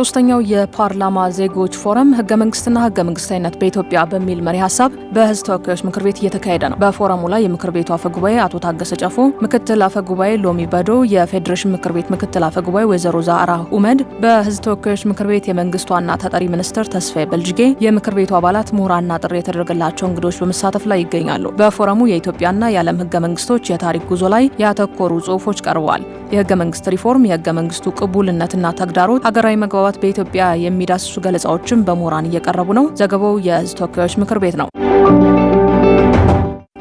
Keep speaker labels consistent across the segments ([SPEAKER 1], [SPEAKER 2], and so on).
[SPEAKER 1] ሶስተኛው የፓርላማ ዜጎች ፎረም ህገ መንግስትና ህገ መንግስታዊነት በኢትዮጵያ በሚል መሪ ሀሳብ በህዝብ ተወካዮች ምክር ቤት እየተካሄደ ነው። በፎረሙ ላይ የምክር ቤቱ አፈጉባኤ አቶ ታገሰ ጨፎ ምክትል አፈ ጉባኤ ሎሚ በዶ፣ የፌዴሬሽን ምክር ቤት ምክትል አፈጉባኤ ወይዘሮ ዛራ ኡመድ፣ በህዝብ ተወካዮች ምክር ቤት የመንግስት ዋና ተጠሪ ሚኒስትር ተስፋዬ በልጅጌ፣ የምክር ቤቱ አባላት ምሁራንና ጥሪ የተደረገላቸው እንግዶች በመሳተፍ ላይ ይገኛሉ። በፎረሙ የኢትዮጵያና የዓለም ህገ መንግስቶች የታሪክ ጉዞ ላይ ያተኮሩ ጽሁፎች ቀርበዋል። የህገ መንግስት ሪፎርም፣ የህገ መንግስቱ ቅቡልነትና ተግዳሮት፣ ሀገራዊ መግባባት በኢትዮጵያ የሚዳስሱ ገለጻዎችን በምሁራን እየቀረቡ ነው። ዘገባው የህዝብ ተወካዮች ምክር ቤት ነው።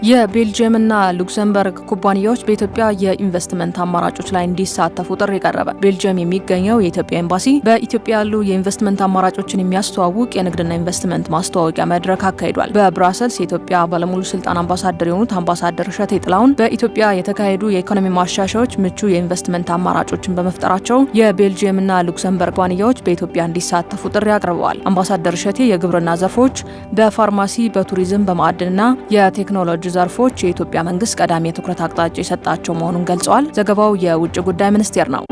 [SPEAKER 1] የቤልጅየምና ሉክሰምበርግ ኩባንያዎች በኢትዮጵያ የኢንቨስትመንት አማራጮች ላይ እንዲሳተፉ ጥሪ ቀረበ። ቤልጅየም የሚገኘው የኢትዮጵያ ኤምባሲ በኢትዮጵያ ያሉ የኢንቨስትመንት አማራጮችን የሚያስተዋውቅ የንግድና ኢንቨስትመንት ማስተዋወቂያ መድረክ አካሂዷል። በብራሰልስ የኢትዮጵያ ባለሙሉ ስልጣን አምባሳደር የሆኑት አምባሳደር እሸቴ ጥላውን በኢትዮጵያ የተካሄዱ የኢኮኖሚ ማሻሻዎች ምቹ የኢንቨስትመንት አማራጮችን በመፍጠራቸው የቤልጅየምና ሉክሰምበርግ ኩባንያዎች በኢትዮጵያ እንዲሳተፉ ጥሪ አቅርበዋል። አምባሳደር እሸቴ የግብርና ዘርፎች በፋርማሲ፣ በቱሪዝም፣ በማዕድንና የቴክኖሎጂ ዘርፎች የኢትዮጵያ መንግስት ቀዳሚ የትኩረት አቅጣጫ የሰጣቸው መሆኑን ገልጸዋል። ዘገባው የውጭ ጉዳይ ሚኒስቴር ነው።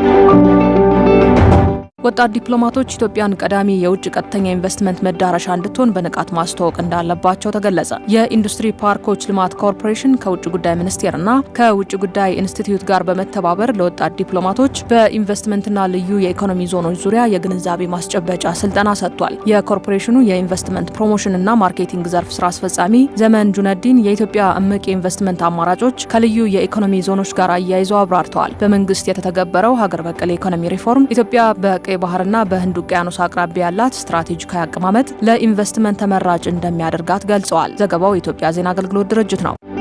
[SPEAKER 1] ወጣት ዲፕሎማቶች ኢትዮጵያን ቀዳሚ የውጭ ቀጥተኛ ኢንቨስትመንት መዳረሻ እንድትሆን በንቃት ማስተዋወቅ እንዳለባቸው ተገለጸ። የኢንዱስትሪ ፓርኮች ልማት ኮርፖሬሽን ከውጭ ጉዳይ ሚኒስቴርና ከውጭ ጉዳይ ኢንስቲትዩት ጋር በመተባበር ለወጣት ዲፕሎማቶች በኢንቨስትመንትና ልዩ የኢኮኖሚ ዞኖች ዙሪያ የግንዛቤ ማስጨበጫ ስልጠና ሰጥቷል። የኮርፖሬሽኑ የኢንቨስትመንት ፕሮሞሽንና ማርኬቲንግ ዘርፍ ስራ አስፈጻሚ ዘመን ጁነዲን የኢትዮጵያ እምቅ የኢንቨስትመንት አማራጮች ከልዩ የኢኮኖሚ ዞኖች ጋር አያይዘው አብራርተዋል። በመንግስት የተተገበረው ሀገር በቀል የኢኮኖሚ ሪፎርም ኢትዮጵያ በ በቀይ ባህርና በህንድ ውቅያኖስ አቅራቢያ ያላት ስትራቴጂካዊ አቀማመጥ ለኢንቨስትመንት ተመራጭ እንደሚያደርጋት ገልጸዋል። ዘገባው የኢትዮጵያ ዜና አገልግሎት ድርጅት ነው።